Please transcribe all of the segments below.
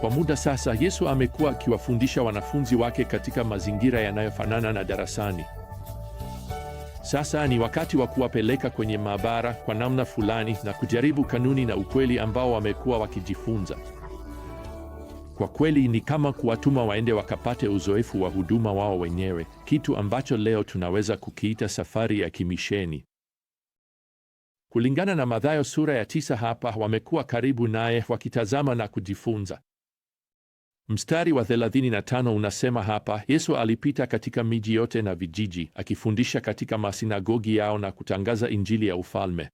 Kwa muda sasa, Yesu amekuwa akiwafundisha wanafunzi wake katika mazingira yanayofanana na darasani. Sasa ni wakati wa kuwapeleka kwenye maabara kwa namna fulani na kujaribu kanuni na ukweli ambao wamekuwa wakijifunza. Kwa kweli ni kama kuwatuma waende wakapate uzoefu wa huduma wao wenyewe, kitu ambacho leo tunaweza kukiita safari ya kimisheni. Kulingana na Mathayo sura ya tisa, hapa wamekuwa karibu naye wakitazama na kujifunza. Mstari wa 35 unasema hapa, Yesu alipita katika miji yote na vijiji, akifundisha katika masinagogi yao na kutangaza injili ya ufalme.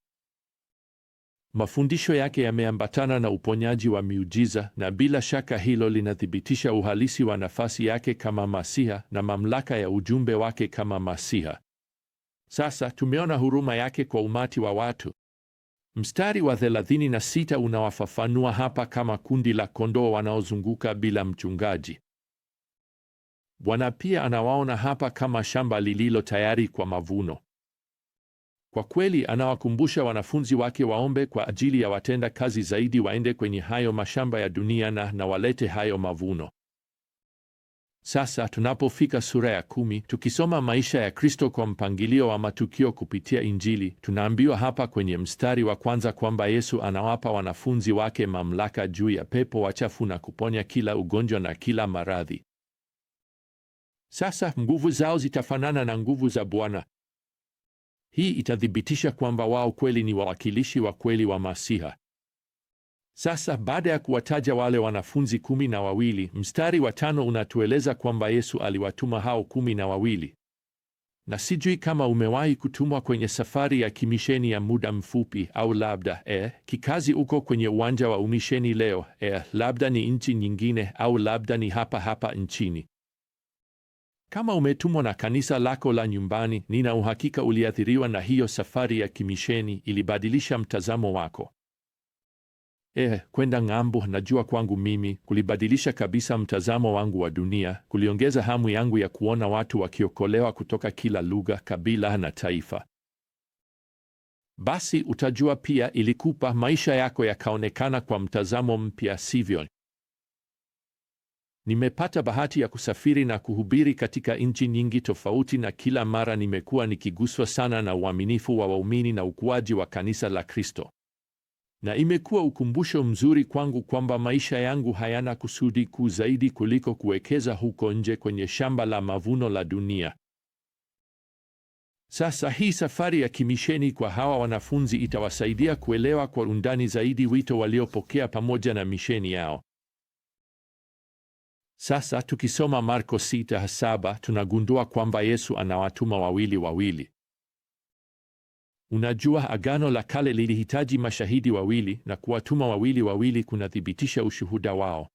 Mafundisho yake yameambatana na uponyaji wa miujiza, na bila shaka hilo linathibitisha uhalisi wa nafasi yake kama Masiha na mamlaka ya ujumbe wake kama Masiha. Sasa tumeona huruma yake kwa umati wa watu. Mstari wa 36 unawafafanua hapa kama kundi la kondoo wanaozunguka bila mchungaji. Bwana pia anawaona hapa kama shamba lililo tayari kwa mavuno. Kwa kweli anawakumbusha wanafunzi wake waombe kwa ajili ya watenda kazi zaidi waende kwenye hayo mashamba ya dunia na na walete hayo mavuno. Sasa tunapofika sura ya kumi, tukisoma maisha ya Kristo kwa mpangilio wa matukio kupitia Injili, tunaambiwa hapa kwenye mstari wa kwanza kwamba Yesu anawapa wanafunzi wake mamlaka juu ya pepo wachafu na kuponya kila ugonjwa na kila maradhi. Sasa nguvu zao zitafanana na nguvu za Bwana. Hii itathibitisha kwamba wao kweli ni wawakilishi wa kweli wa Masiha. Sasa baada ya kuwataja wale wanafunzi kumi na wawili, mstari wa tano unatueleza kwamba Yesu aliwatuma hao kumi na wawili. Na sijui kama umewahi kutumwa kwenye safari ya kimisheni ya muda mfupi au labda eh, kikazi uko kwenye uwanja wa umisheni leo eh, labda ni nchi nyingine au labda ni hapa hapa nchini. Kama umetumwa na kanisa lako la nyumbani, nina uhakika uliathiriwa na hiyo safari ya kimisheni, ilibadilisha mtazamo wako. E, kwenda ng'ambo, najua kwangu mimi kulibadilisha kabisa mtazamo wangu wa dunia, kuliongeza hamu yangu ya kuona watu wakiokolewa kutoka kila lugha, kabila na taifa. Basi utajua pia ilikupa maisha yako yakaonekana kwa mtazamo mpya, sivyo? Nimepata bahati ya kusafiri na kuhubiri katika nchi nyingi tofauti, na kila mara nimekuwa nikiguswa sana na uaminifu wa waumini na ukuaji wa kanisa la Kristo na imekuwa ukumbusho mzuri kwangu kwamba maisha yangu hayana kusudi kuu zaidi kuliko kuwekeza huko nje kwenye shamba la mavuno la dunia. Sasa hii safari ya kimisheni kwa hawa wanafunzi itawasaidia kuelewa kwa undani zaidi wito waliopokea pamoja na misheni yao. Sasa tukisoma Marko 6:7 tunagundua kwamba Yesu anawatuma wawili wawili Unajua, Agano la Kale lilihitaji mashahidi wawili, na kuwatuma wawili wawili kunathibitisha ushuhuda wao.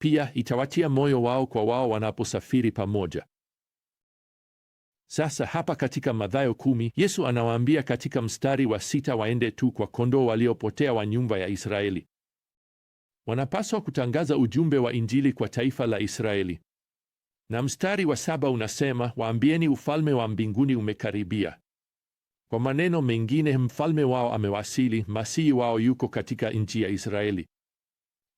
Pia itawatia moyo wao kwa wao wanaposafiri pamoja. Sasa hapa katika Mathayo kumi, Yesu anawaambia katika mstari wa sita waende tu kwa kondoo waliopotea wa nyumba ya Israeli. Wanapaswa kutangaza ujumbe wa Injili kwa taifa la Israeli. Na mstari wa saba unasema, waambieni ufalme wa mbinguni umekaribia. Kwa maneno mengine, mfalme wao amewasili, masihi wao yuko katika nchi ya Israeli.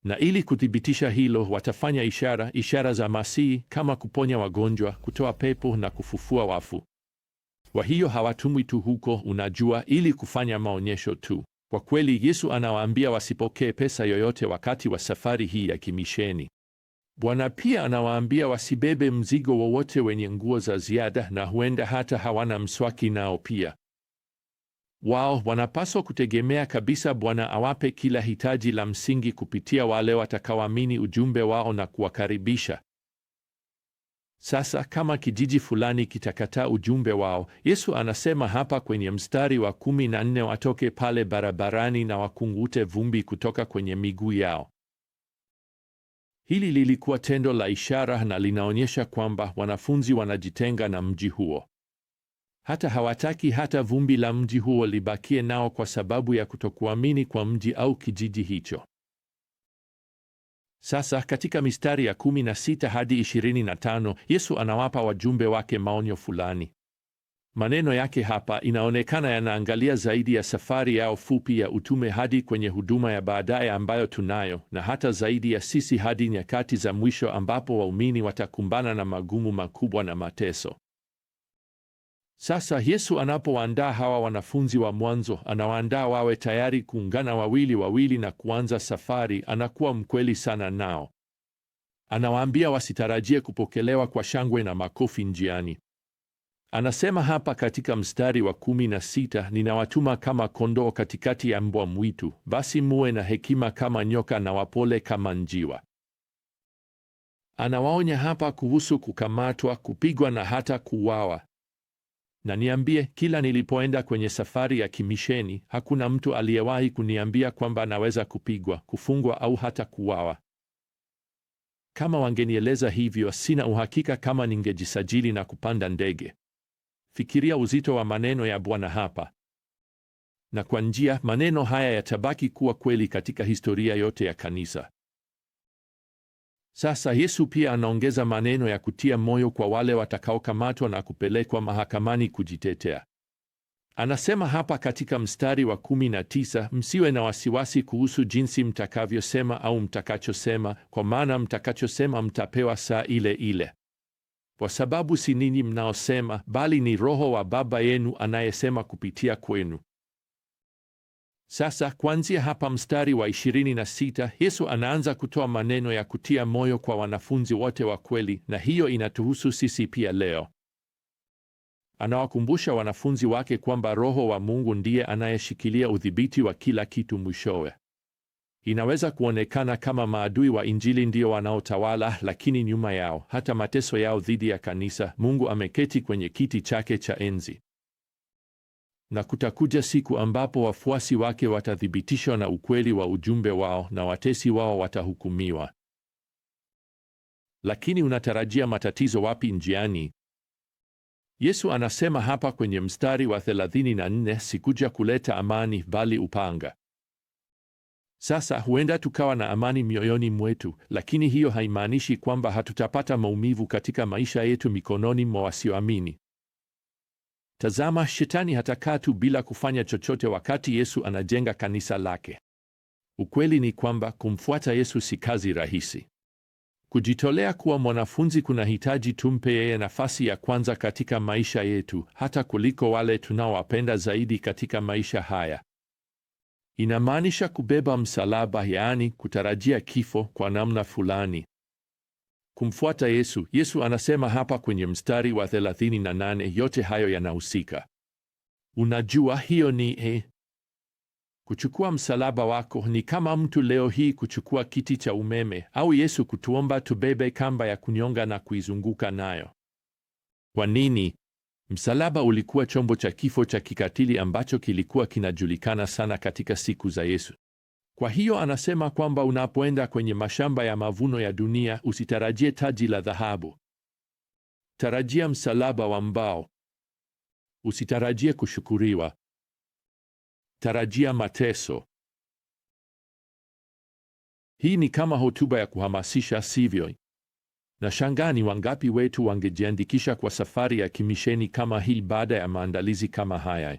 Na ili kuthibitisha hilo, watafanya ishara, ishara za masihi kama kuponya wagonjwa, kutoa pepo na kufufua wafu. Kwa hiyo hawatumwi tu huko, unajua, ili kufanya maonyesho tu. Kwa kweli, Yesu anawaambia wasipokee pesa yoyote wakati wa safari hii ya kimisheni. Bwana pia anawaambia wasibebe mzigo wowote wenye nguo za ziada, na huenda hata hawana mswaki nao pia wao wanapaswa kutegemea kabisa Bwana awape kila hitaji la msingi kupitia wale watakaoamini ujumbe wao na kuwakaribisha. Sasa kama kijiji fulani kitakataa ujumbe wao, Yesu anasema hapa kwenye mstari wa kumi na nne watoke pale barabarani na wakungute vumbi kutoka kwenye miguu yao. Hili lilikuwa tendo la ishara na linaonyesha kwamba wanafunzi wanajitenga na mji huo. Hata hawataki hata vumbi la mji huo libakie nao kwa sababu ya kutokuamini kwa mji au kijiji hicho. Sasa katika mistari ya 16 hadi 25, Yesu anawapa wajumbe wake maonyo fulani. Maneno yake hapa inaonekana yanaangalia zaidi ya safari yao fupi ya utume hadi kwenye huduma ya baadaye ambayo tunayo, na hata zaidi ya sisi hadi nyakati za mwisho ambapo waumini watakumbana na magumu makubwa na mateso. Sasa Yesu anapowaandaa hawa wanafunzi wa mwanzo, anawaandaa wawe tayari kuungana wawili wawili na kuanza safari. Anakuwa mkweli sana nao, anawaambia wasitarajie kupokelewa kwa shangwe na makofi njiani. Anasema hapa katika mstari wa kumi na sita, ninawatuma kama kondoo katikati ya mbwa mwitu, basi muwe na hekima kama nyoka na wapole kama njiwa. Anawaonya hapa kuhusu kukamatwa, kupigwa na hata kuuawa na niambie, kila nilipoenda kwenye safari ya kimisheni, hakuna mtu aliyewahi kuniambia kwamba anaweza kupigwa, kufungwa au hata kuuawa. Kama wangenieleza hivyo, sina uhakika kama ningejisajili na kupanda ndege. Fikiria uzito wa maneno ya Bwana hapa. Na kwa njia, maneno haya yatabaki kuwa kweli katika historia yote ya kanisa. Sasa Yesu pia anaongeza maneno ya kutia moyo kwa wale watakaokamatwa na kupelekwa mahakamani kujitetea. Anasema hapa katika mstari wa 19, msiwe na wasiwasi kuhusu jinsi mtakavyosema au mtakachosema, kwa maana mtakachosema mtapewa saa ile ile, kwa sababu si ninyi mnaosema, bali ni Roho wa Baba yenu anayesema kupitia kwenu. Sasa kuanzia hapa mstari wa 26 Yesu anaanza kutoa maneno ya kutia moyo kwa wanafunzi wote wa kweli, na hiyo inatuhusu sisi pia leo. Anawakumbusha wanafunzi wake kwamba Roho wa Mungu ndiye anayeshikilia udhibiti wa kila kitu mwishowe. Inaweza kuonekana kama maadui wa Injili ndio wanaotawala, lakini nyuma yao, hata mateso yao dhidi ya kanisa, Mungu ameketi kwenye kiti chake cha enzi na kutakuja siku ambapo wafuasi wake watathibitishwa na ukweli wa ujumbe wao na watesi wao watahukumiwa. Lakini unatarajia matatizo wapi njiani? Yesu anasema hapa kwenye mstari wa 34, sikuja kuleta amani bali upanga. Sasa huenda tukawa na amani mioyoni mwetu, lakini hiyo haimaanishi kwamba hatutapata maumivu katika maisha yetu mikononi mwa wasioamini. Tazama, shetani hatakaa tu bila kufanya chochote wakati Yesu anajenga kanisa lake. Ukweli ni kwamba kumfuata Yesu si kazi rahisi. Kujitolea kuwa mwanafunzi kunahitaji tumpe yeye nafasi ya kwanza katika maisha yetu, hata kuliko wale tunaowapenda zaidi katika maisha haya. Inamaanisha kubeba msalaba, yaani kutarajia kifo kwa namna fulani kumfuata Yesu. Yesu anasema hapa kwenye mstari wa 38, yote hayo yanahusika. Unajua hiyo ni e kuchukua msalaba wako ni kama mtu leo hii kuchukua kiti cha umeme au Yesu kutuomba tubebe kamba ya kunyonga na kuizunguka nayo. Kwa nini? Msalaba ulikuwa chombo cha kifo cha kikatili ambacho kilikuwa kinajulikana sana katika siku za Yesu. Kwa hiyo anasema kwamba unapoenda kwenye mashamba ya mavuno ya dunia, usitarajie taji la dhahabu, tarajia msalaba wa mbao. Usitarajie kushukuriwa, tarajia mateso. Hii ni kama hotuba ya kuhamasisha, sivyo? Na shangani wangapi wetu wangejiandikisha kwa safari ya kimisheni kama hii baada ya maandalizi kama haya?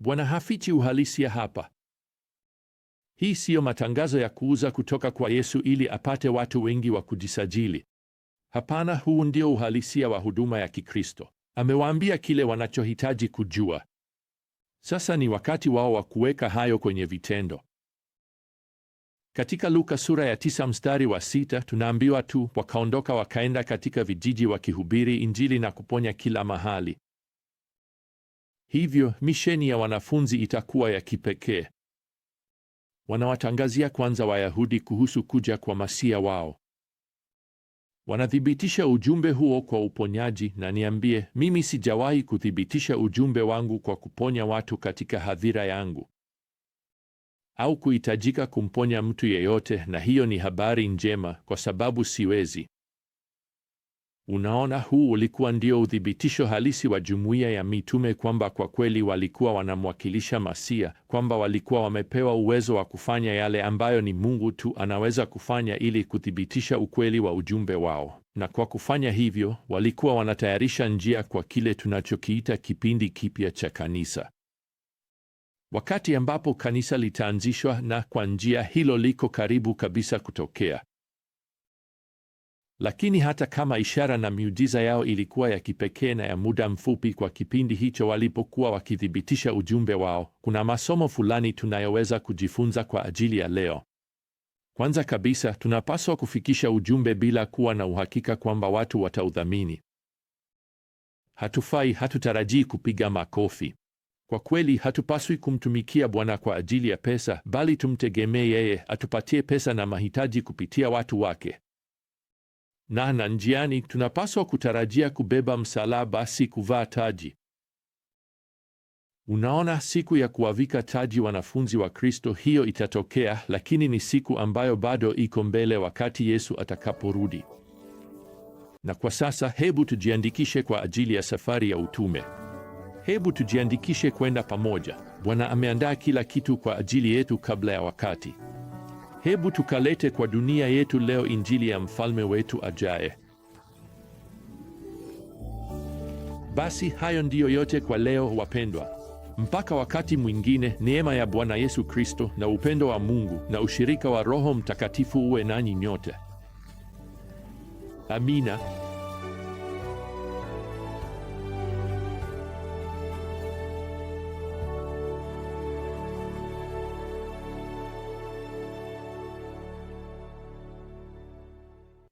Bwana hafichi uhalisia hapa. Hii siyo matangazo ya kuuza kutoka kwa Yesu ili apate watu wengi wa kujisajili. Hapana, huu ndio uhalisia wa huduma ya Kikristo. Amewaambia kile wanachohitaji kujua. Sasa ni wakati wao wa kuweka hayo kwenye vitendo. Katika Luka sura ya tisa mstari wa sita tunaambiwa tu, wakaondoka wakaenda katika vijiji wakihubiri Injili na kuponya kila mahali. Hivyo misheni ya wanafunzi itakuwa ya kipekee. Wanawatangazia kwanza Wayahudi kuhusu kuja kwa Masia wao. Wanathibitisha ujumbe huo kwa uponyaji, na niambie, mimi sijawahi kuthibitisha ujumbe wangu kwa kuponya watu katika hadhira yangu au kuhitajika kumponya mtu yeyote, na hiyo ni habari njema, kwa sababu siwezi. Unaona, huu ulikuwa ndio uthibitisho halisi wa jumuiya ya mitume kwamba kwa kweli walikuwa wanamwakilisha Masia, kwamba walikuwa wamepewa uwezo wa kufanya yale ambayo ni Mungu tu anaweza kufanya ili kuthibitisha ukweli wa ujumbe wao. Na kwa kufanya hivyo, walikuwa wanatayarisha njia kwa kile tunachokiita kipindi kipya cha kanisa, wakati ambapo kanisa litaanzishwa, na kwa njia hilo liko karibu kabisa kutokea. Lakini hata kama ishara na miujiza yao ilikuwa ya kipekee na ya muda mfupi kwa kipindi hicho walipokuwa wakithibitisha ujumbe wao, kuna masomo fulani tunayoweza kujifunza kwa ajili ya leo. Kwanza kabisa, tunapaswa kufikisha ujumbe bila kuwa na uhakika kwamba watu wataudhamini. Hatufai, hatutarajii kupiga makofi. Kwa kweli, hatupaswi kumtumikia Bwana kwa ajili ya pesa, bali tumtegemee yeye atupatie pesa na mahitaji kupitia watu wake na na njiani tunapaswa kutarajia kubeba msalaba, si kuvaa taji. Unaona, siku ya kuwavika taji wanafunzi wa Kristo hiyo itatokea, lakini ni siku ambayo bado iko mbele, wakati Yesu atakaporudi. Na kwa sasa, hebu tujiandikishe kwa ajili ya safari ya utume. Hebu tujiandikishe kwenda pamoja. Bwana ameandaa kila kitu kwa ajili yetu kabla ya wakati. Hebu tukalete kwa dunia yetu leo injili ya mfalme wetu ajaye. Basi hayo ndiyo yote kwa leo wapendwa. Mpaka wakati mwingine, neema ya Bwana Yesu Kristo na upendo wa Mungu na ushirika wa Roho Mtakatifu uwe nanyi nyote. Amina.